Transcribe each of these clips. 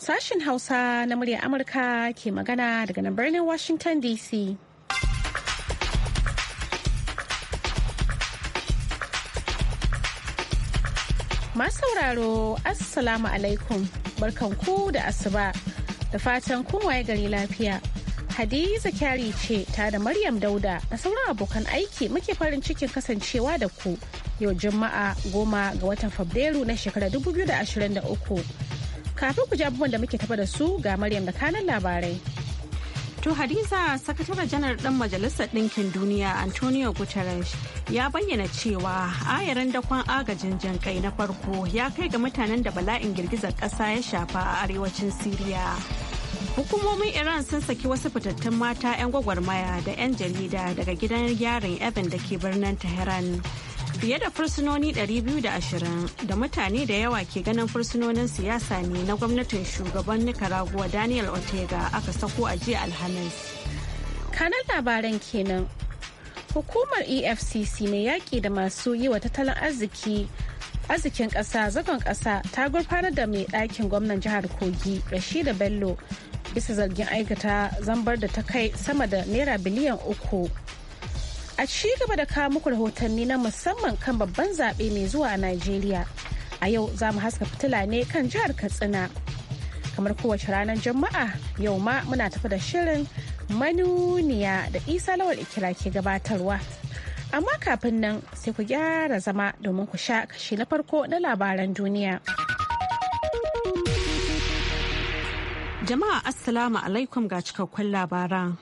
Sashen Hausa na murya Amurka ke magana daga nan birnin Washington DC. Masu sauraro, Assalamu alaikum, ku da asuba, da fatan kun waye gari lafiya. Hadiza kyari ce ta da Maryam Dauda da sauran abokan aiki muke farin cikin kasancewa da ku yau Juma'a goma ga watan Fabrairu na shekarar 2023. Kafin ku ji abubuwan da muke tafa da su ga Maryam da kanan labarai. To Hadiza sakataren janar ɗan Majalisar Ɗinkin Duniya Antonio Guterres ya bayyana cewa ayarin dakon agajin jinkai na farko ya kai ga mutanen da bala'in girgizar ƙasa ya shafa a arewacin Siriya. Hukumomin Iran sun saki wasu fitattun mata 'yan gwagwarmaya da 'yan jarida daga gidan yarin Evan da ke birnin Tehran. fiye da fursunoni 220 da mutane da yawa ke ganin fursunonin siyasa ne na gwamnatin shugaban nicaragua daniel ortega aka sako a jiya alhamis kanan labaran kenan hukumar efcc ne yaƙi da masu yi wa tattalin arziki arzikin ƙasa zagon ƙasa ta gurfanar da mai ɗakin gwamnan jihar kogi rashida bello bisa zargin aikata zambar da ta kai sama da naira biliyan uku a ci gaba da kawo muku rahotanni na musamman kan babban zaɓe mai zuwa a Najeriya. A yau za mu haska fitila ne kan jihar Katsina. Kamar kowace ranar Juma'a yau ma muna tafi da shirin manuniya da isa lawal ikira ke gabatarwa. Amma kafin nan sai ku gyara zama domin ku sha kashi na farko na labaran duniya. Jama'a Assalamu alaikum ga cikakkun labaran.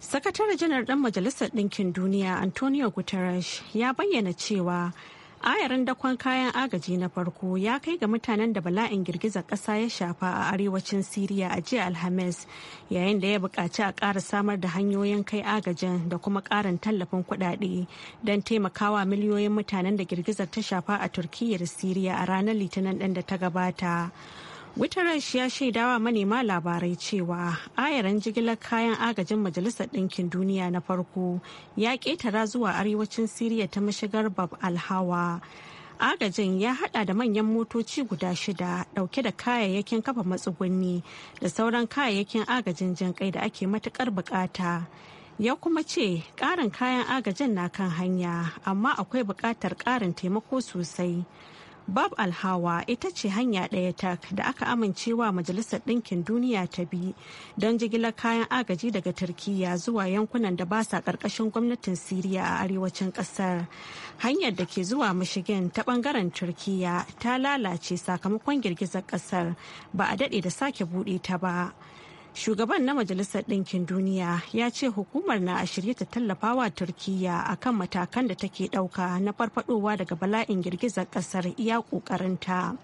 sakatare janar ɗan majalisar ɗinkin duniya antonio guterres ya bayyana cewa ayarin dakon kayan agaji na farko ya kai ga mutanen da bala'in girgizar ƙasa ya shafa a arewacin siriya a jiya alhamis yayin da ya buƙaci a ƙara samar da hanyoyin kai agajin da kuma ƙarin tallafin kuɗaɗe don taimakawa miliyoyin mutanen da girgizar ta shafa a turkiyya da a ranar litinin ɗin da ta gabata Guterres ya shaidawa manema labarai cewa ayaran jigilar kayan agajin Majalisar Ɗinkin Duniya na farko ya ƙetara zuwa arewacin Siriya ta mashigar Bab Alhawa. Agajin ya hada da manyan motoci guda shida dauke da kayayyakin kafa matsugunni da sauran kayayyakin agajin jin kai da ake matukar bukata. ya kuma ce ƙarin kayan agajin na kan hanya amma akwai buƙatar ƙarin taimako sosai Bab Alhawa ita ce hanya ɗaya ta da aka amincewa Majalisar Ɗinkin Duniya ta bi don jigilar kayan agaji daga Turkiyya zuwa yankunan da ba sa ƙarƙashin gwamnatin Siriya a arewacin ƙasar. Hanyar da ke zuwa mashigin ta ɓangaren Turkiyya ta lalace sakamakon girgizar ƙasar ba a daɗe da sake buɗe ta ba. shugaban na majalisar ɗinkin duniya ya ce hukumar na a shirye ta tallafa wa turkiya akan matakan da take ɗauka na farfadowa daga bala'in girgizar ƙasar iya ƙoƙarinta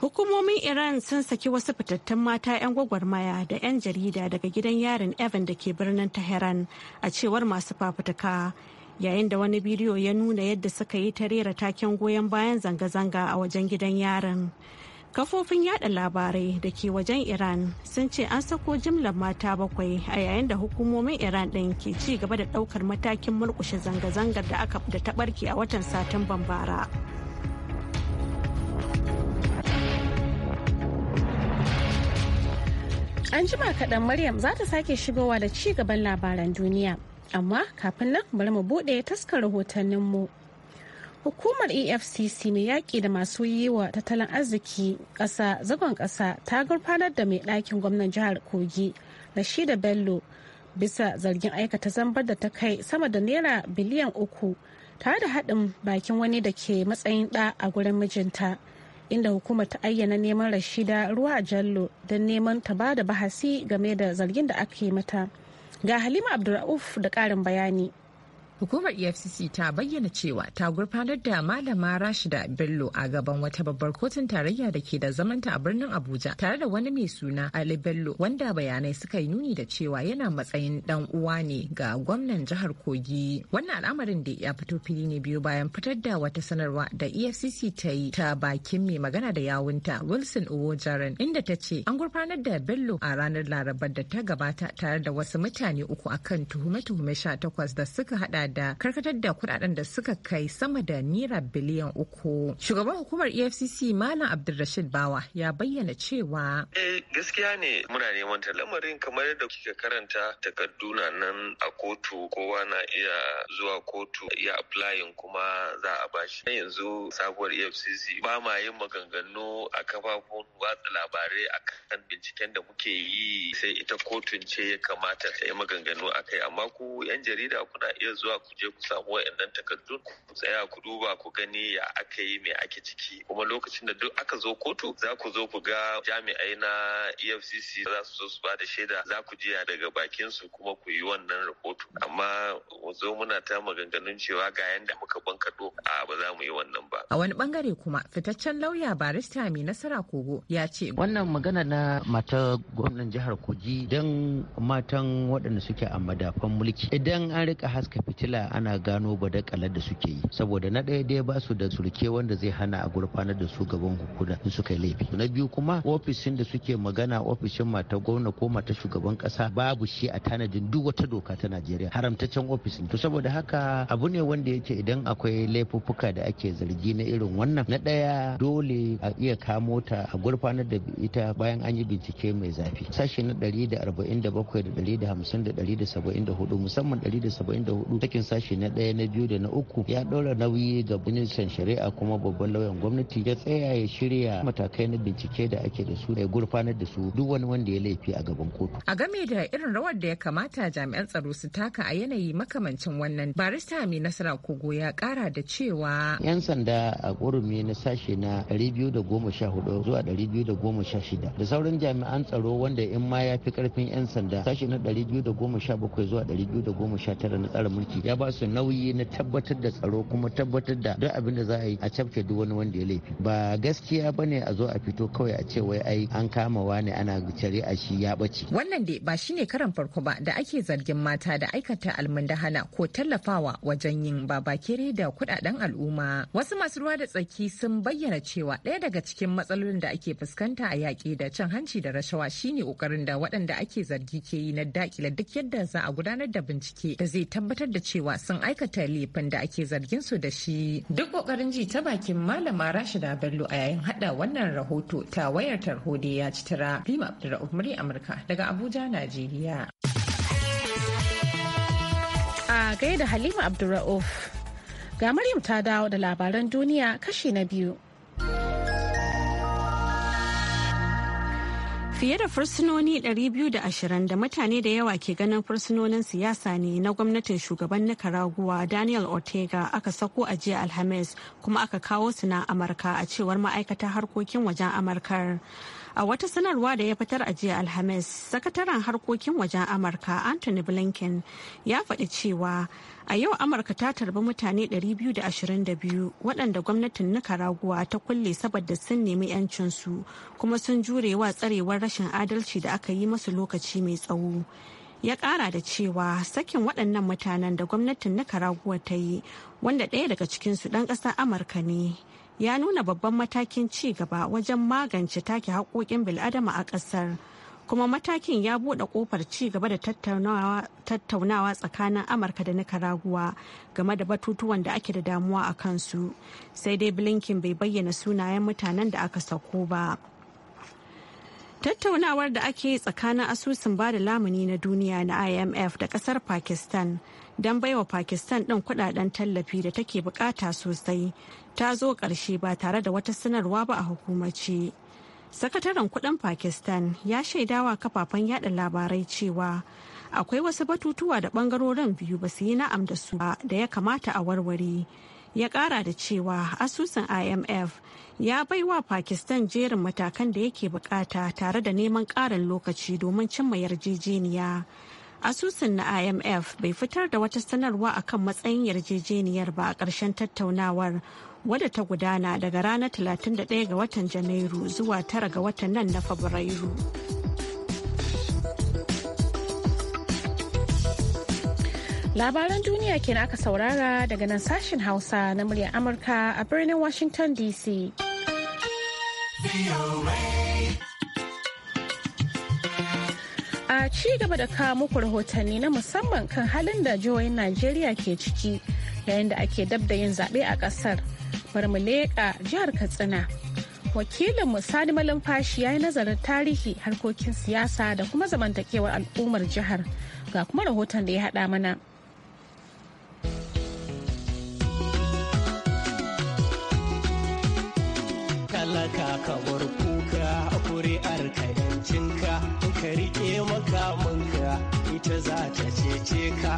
hukumomin iran sun saki wasu fitattun mata 'yan gwagwarmaya da 'yan jarida daga gidan yarin evan da ke birnin tehran a cewar masu fafutuka yayin da wani bidiyo ya nuna yadda suka yi ta rera taken goyon bayan zanga-zanga a wajen gidan yarin. kafofin yada labarai da ke wajen iran sun ce an sako jimlar mata bakwai a yayin da hukumomin iran ɗin ke ci gaba da ɗaukar matakin murkushe zanga-zangar da aka da ta ɓarke a watan satumban bara an jima kaɗan maryam za ta sake shigowa da ci gaban labaran duniya amma kafin nan bari mu buɗe taskar rahotanninmu. mu Hukumar EFCC mai yaƙi da masu yi wa tattalin arziki ƙasa zagon ƙasa ta gurfanar da mai ɗakin gwamnan jihar Kogi Rashida Bello bisa zargin aikata zambar da ta kai sama da naira biliyan uku tare da haɗin bakin wani da ke matsayin ɗa a gurin mijinta inda hukumar ta ayyana neman Rashida ruwa a jallo don neman ta ba da bahasi game da zargin da aka yi mata. Ga Halima Abdulrauf da ƙarin bayani. Hukumar EFCC ta bayyana cewa ta gurfanar da Malama Rashida Bello a gaban wata babbar kotun tarayya da ke da zamanta a birnin Abuja tare da wani mai suna Ali Bello wanda bayanai suka yi nuni da cewa yana matsayin dan uwa ne ga gwamnan jihar Kogi. Wannan al'amarin da ya fito fili ne biyu bayan fitar da wata sanarwa da EFCC ta yi ta bakin mai magana da yawunta Wilson Owojaren inda ta ce an gurfanar da Bello a ranar Larabar da ta gabata tare da wasu mutane uku akan tuhume-tuhume 18 da suka hada da karkatar da kudaden da suka kai sama da naira biliyan uku. Shugaban hukumar EFCC Malam Abdulrashid Bawa ya bayyana cewa. Eh gaskiya ne muna neman ta lamarin kamar yadda kika karanta takarduna nan a kotu kowa na iya zuwa kotu ya applying kuma za a bashi. Yanzu sabuwar EFCC ba ma yin maganganu a kafafun watsa labarai akan binciken da muke yi sai ita kotun ce ya kamata ta yi maganganu akai amma ku 'yan jarida kuna iya zuwa zuwa ku je ku samu wa'annan takardun ku tsaya ku duba ku gani ya aka yi mai ake ciki kuma lokacin da duk aka zo kotu za ku zo ku ga jami'ai na efcc za su zo su ba da shaida za ku jiya daga bakin su kuma ku yi wannan rahoto amma zo muna ta maganganun cewa ga yanda muka do a ba za mu yi wannan ba a wani bangare kuma fitaccen lauya barista mai nasara kogo ya ce wannan magana na mata gwamnan jihar kogi don matan waɗanda suke a madafan mulki idan an rika haska fitina fitila ana gano badakalar da suke yi saboda na ɗaya dai ba su da sulke wanda zai hana a gurfanar da su gaban hukuma in suka yi laifi na biyu kuma ofishin da suke magana ofishin mata gwamna ko mata shugaban kasa babu shi a tanadin duk wata doka ta Najeriya haramtaccen ofis to saboda haka abu ne wanda yake idan akwai laifuffuka da ake zargi na irin wannan na ɗaya dole a iya kamo ta a gurfanar da ita bayan an yi bincike mai zafi sashe na 147 da 150 da 174 musamman 174 cikin sashi na ɗaya na biyu da na uku ya ɗora nauyi ga ministan shari'a kuma babban lauyan gwamnati ya tsaya ya shirya matakai na bincike da ake da su ya gurfanar da su duk wani wanda ya laifi a gaban kotu. A game da irin rawar da ya kamata jami'an tsaro su taka a yanayi makamancin wannan barista mai nasara kogo ya kara da cewa. Yan sanda a ƙurumi na sashi na ɗari biyu da goma sha hudu zuwa ɗari biyu da goma sha shida, da sauran jami'an tsaro wanda in ma ya fi karfin yan sanda sashi na ɗari bakwai zuwa tara na tsara mulki ya ba su nauyi na tabbatar da tsaro kuma tabbatar da duk abin da za a yi a cafke duk wani wanda ya laifi ba gaskiya ba ne a zo a fito kawai a ce wai ai an kama ne ana cire a shi ya bace. wannan dai ba shine karan farko ba da ake zargin mata da aikata almundahana ko tallafawa wajen yin babakere da kudaden al'umma wasu masu ruwa da tsaki sun bayyana cewa ɗaya daga cikin matsalolin da ake fuskanta a yaƙi da cin hanci da rashawa shine ƙoƙarin da waɗanda ake zargi ke yi na dakile duk yadda za a gudanar da bincike da zai tabbatar da cewa cewa sun aikata laifin da ake zargin su da shi. Duk kokarin ji ta bakin malama Rashida Bello a yayin hada wannan rahoto ta wayar tarho da ya ci tara Bima Abdulrahman Murya Amurka daga Abuja, Najeriya. A gaida Halima Abdulra'uf ga Maryam ta dawo da labaran duniya kashi na biyu. Fiye da fursunoni 220 da mutane da yawa ke ganin fursunonin siyasa ne na gwamnatin shugaban Nicaragua Daniel Ortega aka sako a jiya Alhamis kuma aka kawo su na Amurka a cewar ma'aikatar harkokin wajen Amurkar. A wata sanarwa da ya fitar a jiya Alhamis, sakataren harkokin wajen Amurka Anthony Blinken ya faɗi cewa a yau Amurka ta tarbi mutane 222 waɗanda gwamnatin Nicaragua ta kulle saboda sun nemi 'yancinsu kuma sun jure wa tsarewar rashin adalci da aka yi masu lokaci mai tsawo. ya kara da cewa sakin waɗannan mutanen da gwamnatin nicaragua ta yi wanda ɗaya daga cikinsu ɗan ƙasar amurka ne ya nuna babban matakin ci gaba wajen magance take haƙoƙin bil'adama a ƙasar kuma matakin ya buɗe ƙofar ci gaba da tattaunawa tsakanin amurka da nicaragua game da batutuwan da ake da damuwa a kansu sai dai blinken bai bayyana sunayen mutanen da aka sako ba. tattaunawar da ake yi tsakanin asusun bada lamuni na duniya na imf da kasar pakistan don baiwa pakistan ɗin kudaden tallafi da take bukata sosai ta zo ƙarshe ba tare da wata sanarwa ba a hukumace. Sakataren kudin Pakistan ya shaidawa kafafen yada labarai cewa akwai wasu batutuwa da bangarorin biyu ba su yi na'am da su ba da ya kamata a warware. Ya kara da cewa asusun IMF ya baiwa Pakistan jerin matakan da yake bukata tare da neman ƙarin lokaci domin cimma yarjejeniya. asusun na imf bai fitar da wata sanarwa akan matsayin yarjejeniyar ba a ƙarshen tattaunawar wadda ta gudana daga ranar 31 ga watan Janairu zuwa 9 ga watan nan na Fabrairu. Labaran duniya kenan aka saurara daga nan sashen Hausa na muryar Amurka a birnin Washington DC. A ci gaba da kawo muku rahotanni na musamman kan halin da jihohin Najeriya ke ciki yayin da ake dab da yin zaɓe a ƙasar. bari mu leƙa jihar katsina wakilin mu sani malumfashi ya yi nazarin tarihi harkokin siyasa da kuma zamantakewar al'ummar jihar ga kuma rahoton da ya haɗa mana talaka ka bar kuka ka makamanka ita za ta cece ka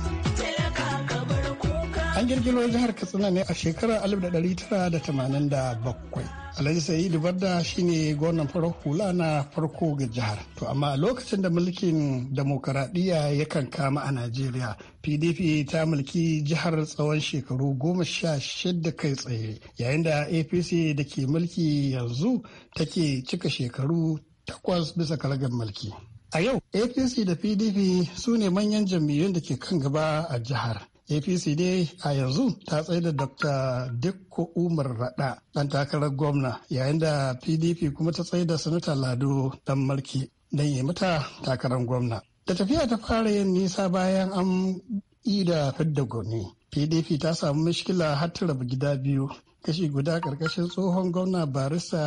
girgiro jihar Katsina ne a shekarar 1987. Alhaji Sa'idu Barda shine gwamnan farar hula na farko ga jihar. To amma a lokacin da mulkin demokaradiyya ya kan kama a Najeriya, PDP ta mulki jihar tsawon shekaru goma sha shida kai tsaye, yayin da APC da ke mulki yanzu take cika shekaru takwas bisa kalagar mulki. A yau, APC da PDP su ne manyan jam'iyyun da ke kan gaba a jihar. apc dai a yanzu ta da dr dikko umar rada dan takarar gwamna yayin da pdp kuma ta da sanata lado dan marki dan yi mata takarar gwamna da tafiya ta fara yin nisa bayan an ida fidda gwamni pdp ta samu mishkila har ta rabu gida biyu kashi guda karkashin tsohon gwamna barista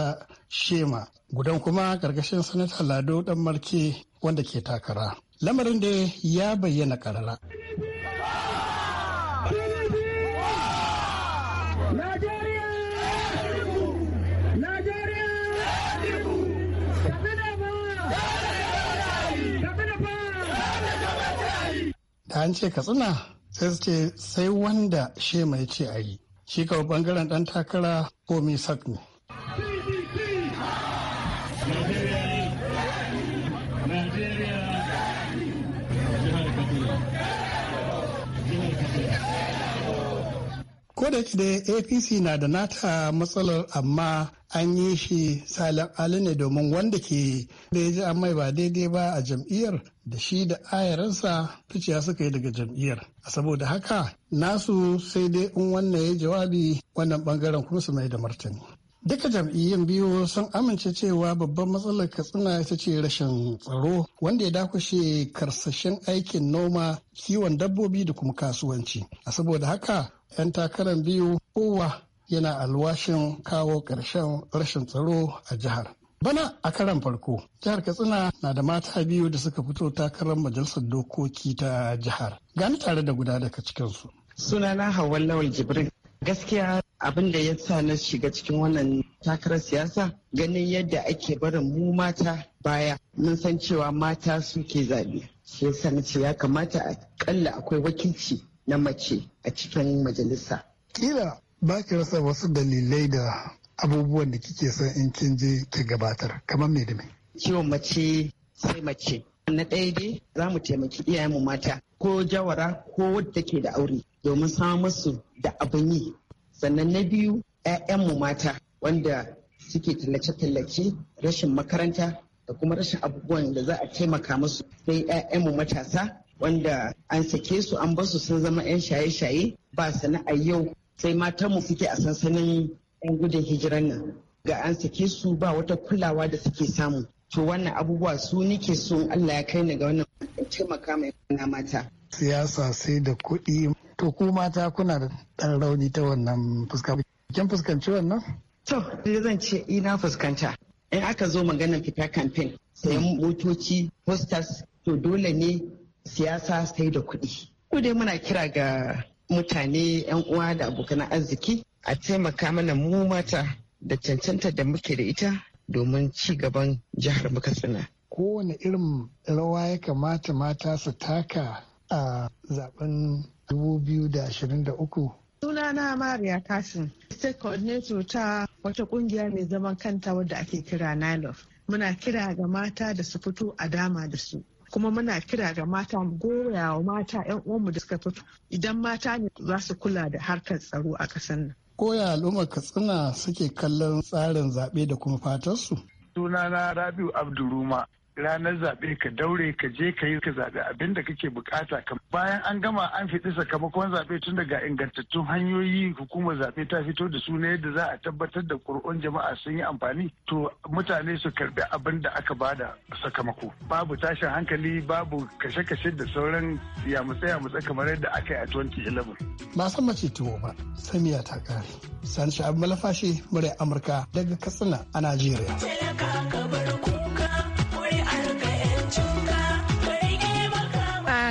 shema gudan kuma karkashin sanata lado dan mulki wanda ke takara lamarin da ya bayyana karara da an ce katsina sai su ce sai wanda she mai ce a yi shi kawai bangaren dan takara ko mai ne ko da dai apc na da nata matsalar amma an yi shi salin ali ne domin wanda ke da ya ji an mai ba daidai ba a jam'iyyar da shi da ayaransa tuciya suka yi daga jam'iyyar saboda haka nasu sai dai in wannan ya jawabi wannan bangaren kuma su mai da martani duka jam'iyyun biyu sun amince cewa babban matsalar katsina ita ce rashin tsaro wanda ya dakushe karsashen aikin noma kiwon dabbobi da kuma kasuwanci a saboda haka 'yan takarar biyu kowa yana alwashin kawo ƙarshen rashin tsaro a jihar. Bana a karan farko, jihar Katsina na da mata biyu da suka fito takarar majalisar dokoki ta jihar. Gani tare da guda daga cikinsu. Sunana Hawwal Lawal Jibrin. Gaskiya abin da ya sa na shiga cikin wannan takarar siyasa ganin yadda ake barin mu mata baya mun san cewa mata suke zaɓe. Shi yasa na ce ya kamata a akwai wakilci na mace a cikin majalisa. Kila ba ki rasa wasu dalilai da abubuwan da kike son in kin je ki gabatar kamar me da me ciwon mace sai mace na ɗaya dai za mu taimaki iyayen mu mata ko jawara ko wadda ke da aure domin samun musu da abin yi sannan na biyu mu mata wanda suke tallace-tallace rashin makaranta da kuma rashin abubuwan da za a taimaka musu sai mu matasa wanda an sake su an basu sun zama 'yan shaye-shaye ba sana'a yau sai matan mu suke a sansanin yan gudun hijiran nan ga an sake su ba wata kulawa da suke samu to wannan abubuwa su nike so Allah ya kai ni ga wannan taimaka mai mata siyasa sai da kuɗi to ku mata kuna da ɗan rauni ta wannan fuska kin fuskanci wannan to da zan ce ina fuskanta in aka zo maganar fita kamfen sayan hmm. motoci posters to dole ne siyasa sai da kuɗi ku dai muna kira ga mutane 'yan uwa da abokan arziki a taimaka mana mu mata da cancanta da muke da ita domin ci gaban jihar Katsina. Kowane irin rawa ya kamata mata su taka a zaben 2023? Sunana Mariya kashin state coordinator ta wata kungiya mai zaman kanta wadda ake kira NILOF. Muna kira ga mata da su fito a dama da su. kuma muna kira ga mata mu goya wa mata 'yan uwanmu da suka fito idan mata ne za su kula da harkar tsaro a ƙasar nan. Koya al'ummar Katsina suke kallon tsarin zaɓe da kuma fatarsu? Sunana Rabiu Abduruma ranar zaɓe ka daure ka je ka yi ka zaɓe abin da kake bukata ka bayan an gama an fiɗi sakamakon zaɓe tun daga ingantattun hanyoyi hukumar zaɓe ta fito da su ne yadda za a tabbatar da ƙuri'un jama'a sun yi amfani to mutane su karɓi abin da aka da sakamako babu tashin hankali babu kashe-kashe da sauran yamutse-yamutse kamar yadda aka yi a 2011. ba san mace tuwo ba samiya ta kare sani sha'ab malafashe murai amurka daga katsina a najeriya.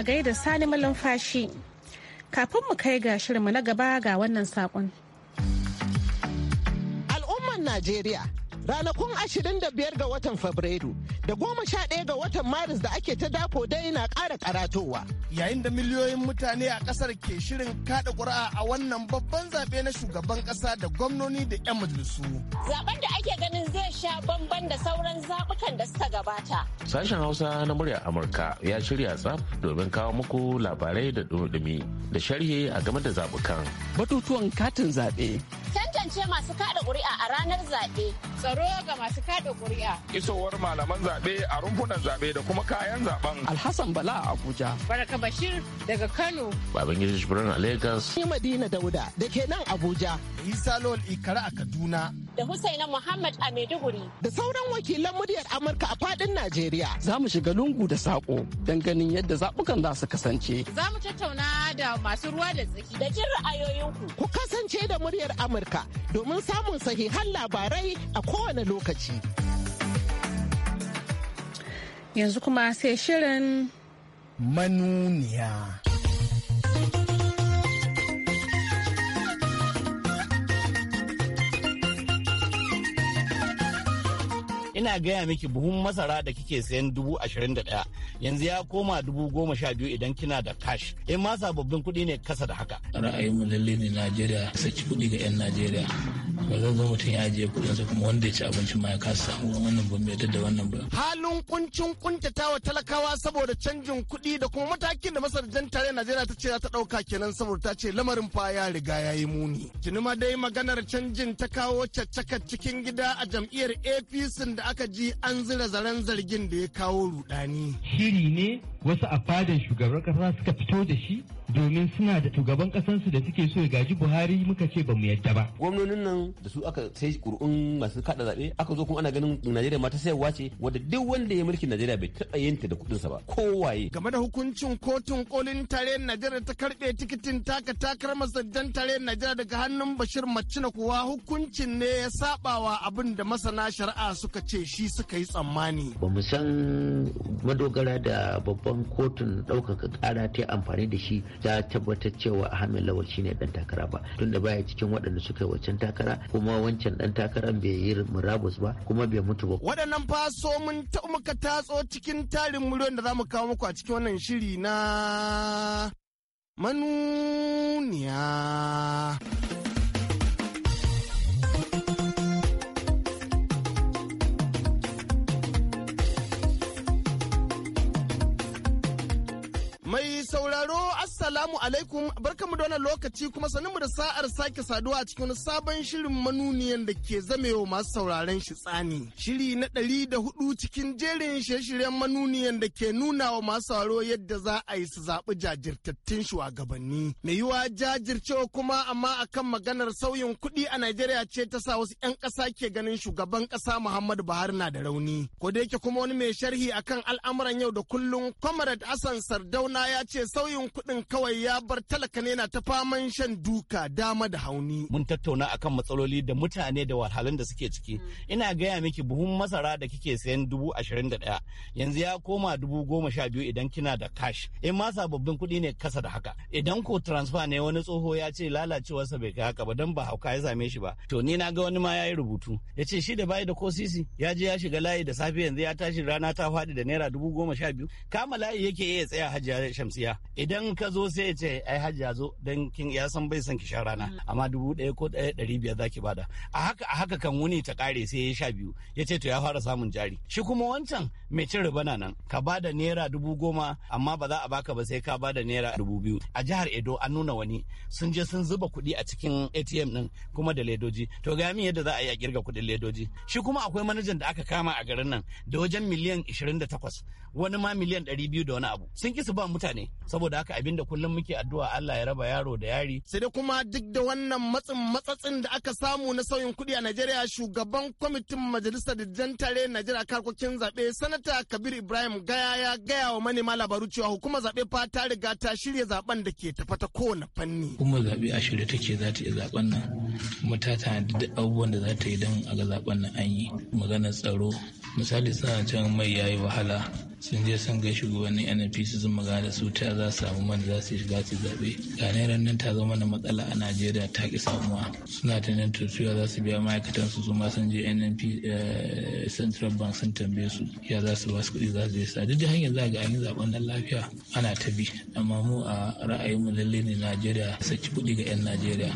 gaida Sani Malumfashi. Kafin mu kai ga shirinmu na gaba ga wannan saƙon. Al'ummar Najeriya ranakun 25 ga watan Fabrairu da goma sha ɗaya ga watan maris da ake ta dafo dai na ƙara karatowa. yayin da miliyoyin mutane a ƙasar ke shirin kaɗa ƙuri'a a wannan babban zaɓe na shugaban ƙasa da gwamnoni da 'yan majalisu. zaben da ake ganin zai sha bamban da sauran zaɓukan da suka gabata. sashen hausa na murya amurka ya shirya tsaf domin kawo muku labarai da dumi da sharhi a game da zaɓukan. batutuwan katin zaɓe. tantance masu kaɗa ƙuri'a a ranar zaɓe. tsaro ga masu kaɗa ƙuri'a. isowar malaman zaɓe zaɓe a rumfunan zabe da kuma kayan zaɓen. Alhassan Bala a Abuja. Baraka Bashir daga Kano. Babangida Shibirin a Lagos. Ni Madina Dauda da ke nan Abuja. Isa Lol Ikara a Kaduna. Da Husaina Muhammad a Maiduguri. Da sauran wakilan muryar Amurka a faɗin Najeriya. Za mu shiga lungu da saƙo don ganin yadda zaɓukan za su kasance. Za mu tattauna da masu ruwa da tsaki da jin ra'ayoyinku. Ku kasance da muryar Amurka domin samun sahihan labarai a kowane lokaci. Yanzu kuma sai shirin manuniya. ina gaya miki buhun masara da kike sayan dubu ashirin da ɗaya yanzu ya koma dubu goma sha biyu idan kina da cash in ma sababbin kuɗi ne kasa da haka. mu lalle ne najeriya saki kuɗi ga 'yan najeriya ba zan zo mutum ya ajiye sa kuma wanda ya ci abinci ma ya kasa samu wannan ba mai da wannan ba. halin kuncin wa talakawa saboda canjin kuɗi da kuma matakin da masarjan tare najeriya ta ce za ta ɗauka kenan saboda ta ce lamarin fa ya riga ya yi muni. tuni ma dai maganar canjin ta kawo caccakar cikin gida a jam'iyyar apc da aka ji an zira zaren zargin da ya kawo rudani. Shiri ne wasu a fadin shugaban kasa suka fito da shi domin suna da shugaban kasansu da suke so ya gaji Buhari muka ce ba mu yadda ba. Gwamnonin nan da su aka sai kur'un masu kada zaɓe aka zo kuma ana ganin Najeriya mata sayarwa ce wadda duk wanda ya mulki Najeriya bai taɓa yinta da kuɗinsa ba kowaye. Game da hukuncin kotun kolin tare Najeriya ta karɓe tikitin taka takar masajjan tare Najeriya daga hannun Bashir Macina kuwa hukuncin ne ya saɓawa abin da masana shari'a suka ce ce shi suka yi tsammani ba mu san madogara da babban kotun ɗaukaka ƙara ta amfani da shi ta tabbatar cewa ahmed lawal ne dan takara ba tunda baya cikin waɗanda suka yi wancan takara kuma wancan dan takaran bai yi murabus ba kuma bai mutu ba waɗannan faso mun taɓa muka tatso cikin tarin miliyon da za mu kawo muku a cikin wannan shiri na manuniya Assalamu alaikum barkamu da wannan lokaci kuma sanin da sa'ar sake saduwa a cikin sabon shirin manuniyan da ke zamewa masu sauraren shi tsani. Shiri na ɗari da hudu cikin jerin shirye-shiryen manuniyan da ke nuna wa masu sauraro yadda za a yi su zaɓi jajirtattun shugabanni. Mai yiwa jajircewa kuma amma akan maganar sauyin kuɗi a Najeriya ce ta sa wasu 'yan ƙasa ke ganin shugaban ƙasa Muhammadu Buhari na da rauni. Ko da yake kuma wani mai sharhi akan al'amuran yau da kullum Comrade Hassan Sardauna ya ce sauyin kuɗin kawai ya bar talaka ne na ta faman shan duka dama da hauni. Mun tattauna akan matsaloli da mutane da wahalhalun da suke ciki. Mm. Ina gaya miki buhun masara da kike sayan dubu ashirin da ɗaya yanzu ya koma dubu goma sha biyu idan kina da cash. In ma sababbin kuɗi ne kasa da haka. Idan ko transfer ne wani tsoho ya ce lalacewarsa bai kai haka ba don ba hauka ya same shi ba. To ni na ga wani ma ya yi rubutu. Ya ce shi da bayi da ko sisi ya je ya shiga layi da safe yanzu ya tashi rana ta faɗi da naira dubu goma sha biyu. Kama layi yake iya tsaya hajiya shamsiya. Idan ka zo sai ya ce ai hajji ya zo don kin ya san bai san ki sha rana mm. amma dubu ɗaya ko ɗaya ɗari biyar zaki bada a haka a haka kan wuni ta ƙare sai ya sha biyu ya ce to ya fara samun jari shi kuma wancan mai cin riba na nan ka bada naira dubu goma amma ba za a baka ba sai ka bada naira dubu biyu a jihar edo an nuna wani sun je sun zuba kuɗi a cikin atm din kuma da ledoji to ga min yadda za a yi a kirga kuɗin ledoji shi kuma akwai manajan da aka kama a garin nan da wajen miliyan 28 wani ma miliyan biyu da wani abu sun ki su ba mutane saboda haka abin da kullum muke addu'a Allah ya raba yaro da yari. Sai dai kuma duk da wannan matsin matsatsin da aka samu na sauyin kuɗi a Najeriya shugaban kwamitin majalisar jan tare Najeriya karkokin zaɓe sanata Kabir Ibrahim Gaya ya gaya wa manema labaru cewa hukumar zaɓe fa ta riga ta shirya zaben da ke tafata kowane fanni. Hukumar zaɓe a shirye take za ta iya zaben nan kuma ta tanadi duk abubuwan da za ta yi don a ga zaben nan an yi maganar tsaro misali sana mai yayi wahala sun je sun ga shugabannin nnpc sun magana su ta za su samu man za su shiga su zaɓe ga rannan ta zama na matsala a najeriya ta ki samuwa suna ta nan turciya za su biya ma'aikatan su ma sun je nnp eh, central bank sun tambaye su ya za su ba su kuɗi za su je sa duk da hanyar za ga ayin yi zaɓen nan lafiya ana ta bi amma mu a ra'ayinmu lalle ne najeriya saki kuɗi ga 'yan najeriya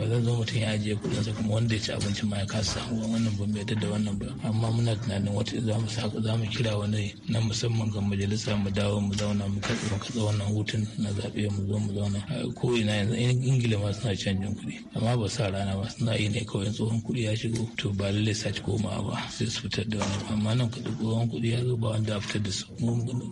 ba zan zo mutum ya ajiye sa kuma wanda ya ci abincin ma ya kasa samu wannan ba mai da wannan ba amma muna tunanin wata za mu kira wani nan musamman ga majalisa mu dawo mu zauna mu katsa wannan hutun na zaɓe mu zo mu zauna ko ina yanzu in ingila ma suna canjin kuɗi amma ba sa rana ba suna yi ne kawai tsohon kuɗi ya shigo to ba lallai sa ci komawa ba sai su fitar da wani amma nan kuɗi tsohon kuɗi ya zo ba wanda a fitar da su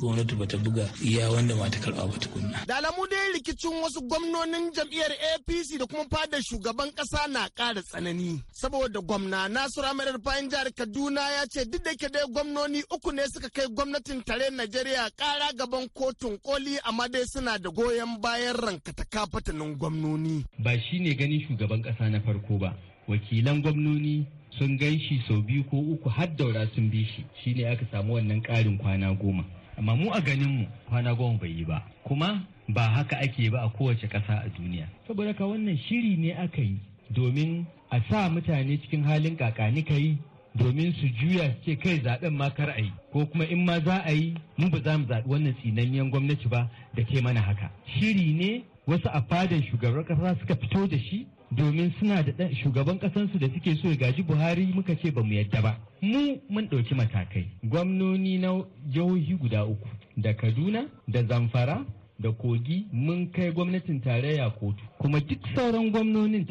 gwamnati ba ta buga iya wanda ma ta karɓa ba tukunna. da alamu dai rikicin wasu gwamnonin jam'iyyar apc da kuma fadar shugaban ƙasa na ƙara tsanani saboda gwamna nasiru amir bayan jihar kaduna ya ce duk da ke dai gwamnoni uku ne suka kai gwamnati gwamnatin tare Najeriya kara gaban kotun koli amma dai suna da goyon bayan rankataka kafatanin gwamnoni. Ba shi ne ganin shugaban ƙasa na farko ba, wakilan gwamnoni sun gan shi sau biyu ko uku har daura sun bi shi shi ne aka samu wannan ƙarin kwana goma. Amma mu a ganinmu kwana goma bai yi ba, kuma ba haka ake ba a kowace ƙasa a duniya. Saboda ka wannan shiri ne aka yi domin a sa mutane cikin halin kakani yi domin su juya su ce kai zaɓen ma kar a yi ko kuma in ma za a yi mu ba za mu zaɓi wannan tsinanniyar gwamnati ba da ke mana haka shiri ne wasu a fadan shugaban ƙasa suka fito da shi domin suna da shugaban ƙasansu da suke so ya gaji buhari muka ce ba mu yadda ba mu mun ɗauki matakai gwamnoni na jihohi guda uku da kaduna da zamfara da kogi mun kai gwamnatin tarayya kotu kuma duk sauran gwamnonin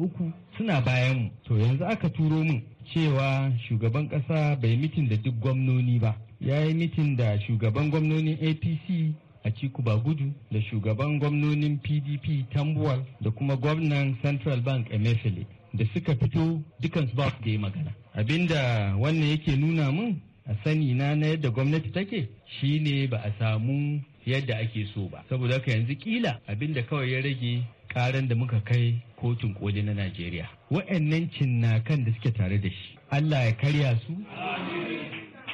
uku suna bayan mu to yanzu aka turo min cewa shugaban ƙasa bai mitin da duk gwamnoni ba ya yi mitin da shugaban gwamnonin apc a cikuba gudu da shugaban gwamnonin pdp tambuwal da kuma gwamnan central bank emefiele da suka fito dukansu ba su da yi magana abinda wannan yake nuna mun a sani na na yadda gwamnati take shine ba a samu yadda ake so ba saboda haka yanzu kila abinda kawai ya rage karan da muka kai kotun koli na najeriya wa'annan cinnakan da suke tare da shi allah ya karya su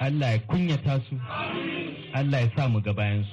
allah ya kunyata su allah ya sa mu ga bayansu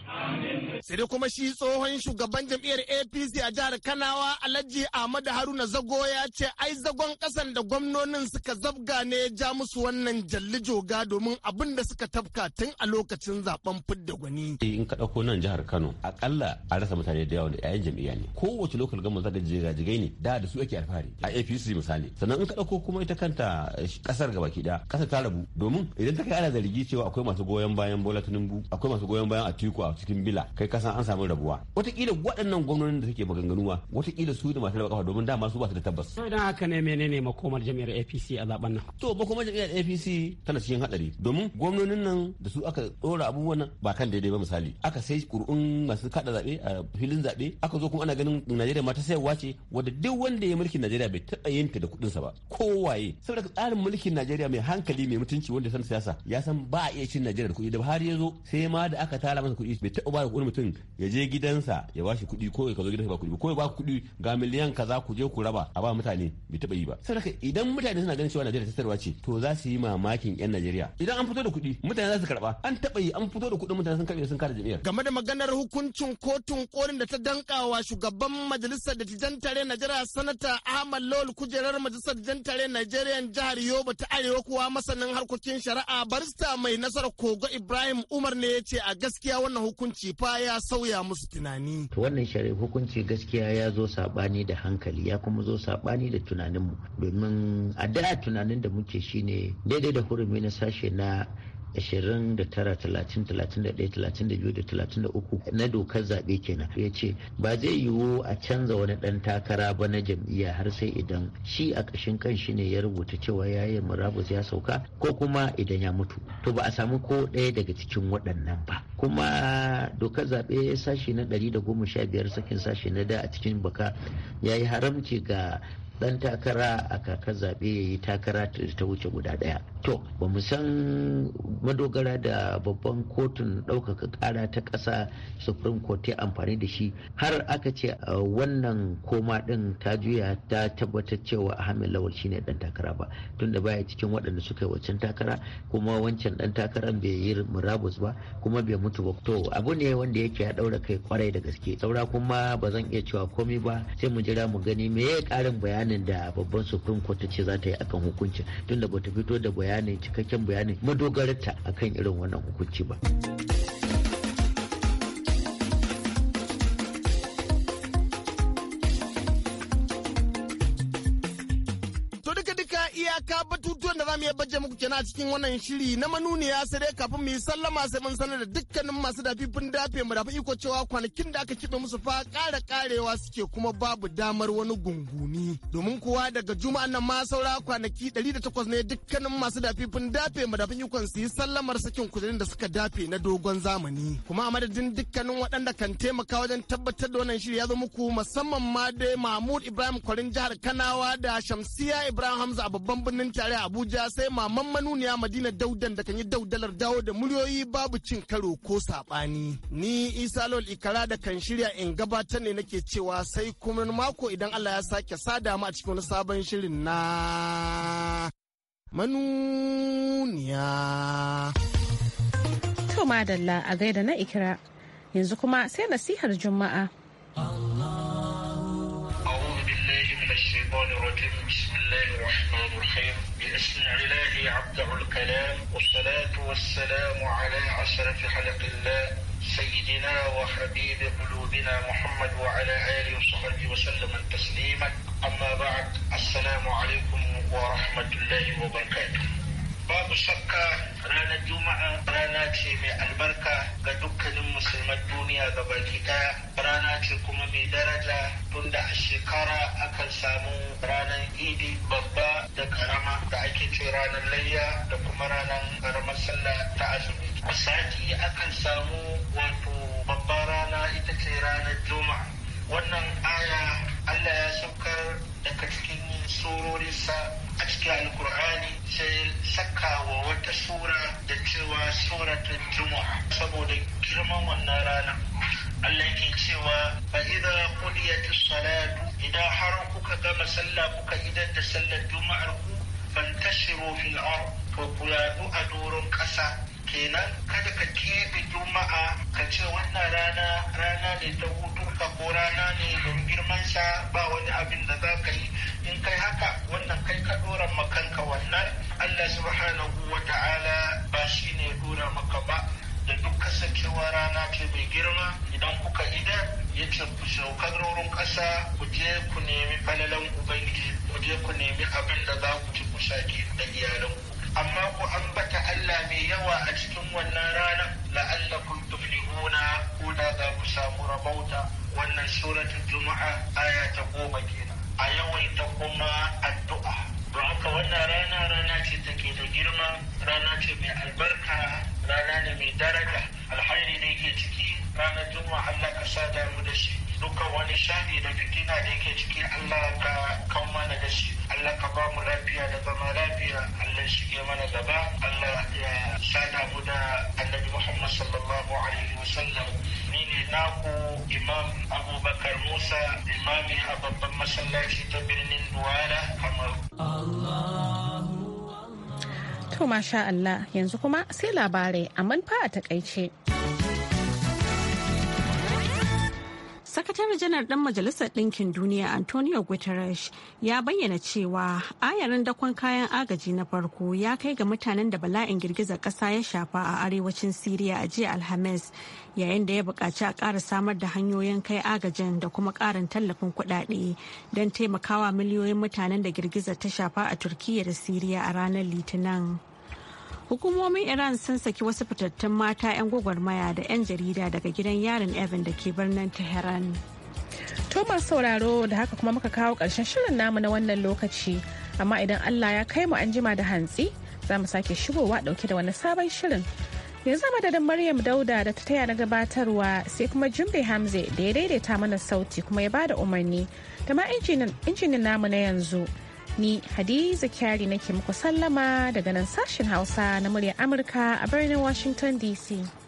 sai kuma shi tsohon shugaban jam'iyyar apc a jihar kanawa alhaji ahmadu haruna zago ya ce ai zagon kasan da gwamnonin suka zabga ne ja musu wannan jalli joga domin abin da suka tafka tun a lokacin zaben fidda gwani eh, in ka dauko nan jihar kano akalla a rasa mutane da yawa da yayan jam'iyya ne kowace lokal gama za je jigajigai ne da da su ake alfahari a apc misali sannan in ka dauko kuma ita kanta kasar eh, gaba ki daya kasar ta rabu domin idan ta kai ana zargi cewa akwai masu goyon bayan bola tinubu akwai masu goyon bayan atiku a cikin bila kai kasan an samu rabuwa watakila waɗannan gwamnonin da suke maganganuwa watakila su da masu raba kafa domin dama su ba su da tabbas to haka ne menene makomar jami'ar APC a zaben nan to makomar jami'ar APC tana cikin hadari domin gwamnonin nan da su aka dora abubuwan nan ba kan daidai ba misali aka sai kur'un masu kaɗa zabe a filin zabe aka zo kuma ana ganin Najeriya ma ta sayarwa ce wanda duk wanda ya mulkin Najeriya bai taɓa yinta da kuɗinsa ba kowaye saboda tsarin mulkin Najeriya mai hankali mai mutunci wanda san siyasa ya san ba a iya cin Najeriya da kuɗi da har ya zo sai ma da aka tara masa kuɗi bai taɓa ba da kuɗin ya je gidansa ya bashi kuɗi ko ya zo gidansa ba kuɗi ko ya ba kuɗi ga miliyan kaza ku je ku raba a ba mutane bai taɓa yi ba saboda idan mutane suna ganin cewa Najeriya ta ce to za su yi mamakin yan Najeriya idan an fito da kuɗi mutane za su karɓa an taɓa yi an fito da kuɗin mutane sun karɓe sun kare jami'ar game da maganar hukuncin kotun korin da ta dankawa shugaban majalisar dattijan tare Najeriya sanata Ahmad Lawal kujerar majalisar dattijan tare Najeriya jihar Yobe ta Arewa kuwa masanin harkokin shari'a barista mai nasarar Kogo Ibrahim Umar ne ya ce a gaskiya wannan hukunci fa ya sauya musu tunani. Wannan shari'a hukunci gaskiya ya zo saɓani da hankali ya kuma zo saɓani da tunaninmu domin a da tunanin da muke shine daidai da hurumi na sashe na 29 na dokar zaɓe kenan ya ce ba zai yiwu a canza wani ɗan takara ba na jam'iyya har sai idan shi a ƙashin kan shi ne ya rubuta cewa ya yi murabus ya sauka ko kuma idan ya mutu to ba a samu ko ɗaya daga cikin waɗannan ba kuma dokar zaɓe sashi na 115 sakin sashi na da a cikin baka ya yi haramci ga dan takara a kakar zaɓe ya yi takara ta wuce guda ɗaya to ba mu san madogara da babban kotun ɗaukaka ƙara ta ƙasa supreme court ya amfani da shi har aka ce wannan koma ɗin ta juya ta tabbatar cewa ahmed lawal shine dan takara ba tunda baya cikin waɗanda suka yi wancan takara kuma wancan ɗan takaran bai yi murabus ba kuma bai mutu ba to abu ne wanda yake ya ɗaura kai kwarai da gaske saura kuma ba zan iya cewa komai ba sai mu jira mu gani me ya ƙarin bayani bayanin da babban supreme court ce za ta yi akan hukuncin tunda bata fito da bayanin cikakken bayanin madogararta akan irin wannan hukunci ba. gabatar muku kenan a cikin wannan shiri na manuniya sai dai kafin mu yi sallama sai mun sanar da dukkanin masu bin dafe mu dafa iko cewa kwanakin da aka kibe musu fa ƙara ƙarewa suke kuma babu damar wani gunguni domin kuwa daga juma'a nan ma saura kwanaki 108 ne dukkanin masu dafifin dafe mu dafa ikon su yi sallamar sakin kujerin da suka dafe na dogon zamani kuma a madadin dukkanin waɗanda kan taimaka wajen tabbatar da wannan shiri ya zo muku musamman ma dai Mahmud Ibrahim Kwarin jihar Kanawa da Shamsiya Ibrahim Hamza a babban birnin tare Abuja sai maman manuniya madina daudan da kan yi daudalar dawo da muryoyi babu cin karo ko saɓani ni isa lol ikara da kan shirya in gabatar ne nake cewa sai kuma mako idan allah ya sake sada mu a cikin wani sabon shirin na manuniya to madalla a gaida na ikira yanzu kuma sai nasihar juma'a Allah الشيطان الرجيم بسم الله الرحمن الرحيم باسم الله عبد الكلام والصلاة والسلام على أشرف خلق الله سيدنا وحبيب قلوبنا محمد وعلى آله وصحبه وسلم تسليما أما بعد السلام عليكم ورحمة الله وبركاته babu shakka ranar juma'a rana ce mai albarka ga dukkanin musulman duniya ga baki daya rana ce kuma mai daraja tunda a shekara akan samu ranar idi babba da karama da ake ce ranar layya da kuma ranar karamar sallah ta azumi a sati akan samu wato babbar rana ita ce ranar juma'a wannan aya Allah ya saukar daga cikin surorinsa a cikin alkur'ani sai saka wa wata sura da cewa suratun juma'a saboda girman wannan rana Allah ke cewa fa idza qudiyatis salatu idan har kuka gama sallah kuka idan da sallar juma'ar ku fantashiru fil ard to ku yadu a doron kasa kenan kada ka keɓe juma'a ka ce wannan rana rana ne ta ka ko rana ne don girman sa ba wani abin da za ka yi in kai haka wannan kai ka dora makanka wannan allah subhanahu wa ta'ala ba shi ne dora maka ba da duk kasancewa rana ce mai girma idan kuka idan ya ce ku sauka rorin ƙasa ku je ku nemi falalan ubangiji ku je ku nemi abin da za ku ci ku sake da iyalanku amma ku ambata Allah mai yawa a cikin wannan ranar la'allakum tuflihuna ko da za ku samu rabauta wannan suratul juma'a aya ta goma kenan a yawaita kuma addu'a don haka wannan rana rana ce ke da girma rana ce mai albarka rana ne mai daraja alhairi da ke ciki ranar juma'a Allah ka sa damu da shi duka wani shani da fitina da yake ciki Allah ka kan mana da shi Allah ka ba mu lafiya da zama lafiya Allah shige mana gaba Allah sada mu da annabi Muhammad sallallahu alaihi wasallam ni ne naku imam Abubakar Musa imami a babban masallaci ta birnin Duwala Kamaru. To masha Allah yanzu kuma sai labarai a manfa a takaice. sakatare janar ɗan majalisar ɗinkin duniya antonio guterres ya bayyana cewa ayarin dakon kayan agaji na farko ya kai ga mutanen da bala'in girgizar ƙasa ya shafa a arewacin siriya a jiya alhamis yayin da ya buƙaci a ƙara samar da hanyoyin kai agajin da kuma ƙarin tallafin kuɗaɗe don taimakawa miliyoyin mutanen da girgizar ta shafa a turkiyya da siriya a ranar litinin Hukumomin Iran sun saki wasu fitattun mata 'yan gwagwarmaya da 'yan jarida daga gidan yarin Evan da ke birnin Tehran. Thomas sauraro da haka kuma muka kawo ƙarshen shirin namu na wannan lokaci, amma idan Allah ya kai mu an jima da hantsi za mu sake shigowa ɗauke da wani sabon shirin. Yanzu madadin Maryam Dauda da ta taya na gabatarwa sai kuma Jumbe Hamze da ya daidaita mana sauti kuma ya bada umarni da ma injinin namu na yanzu. ni hadiza kyari nake muku sallama daga nan sashen hausa na murya amurka a birnin washington dc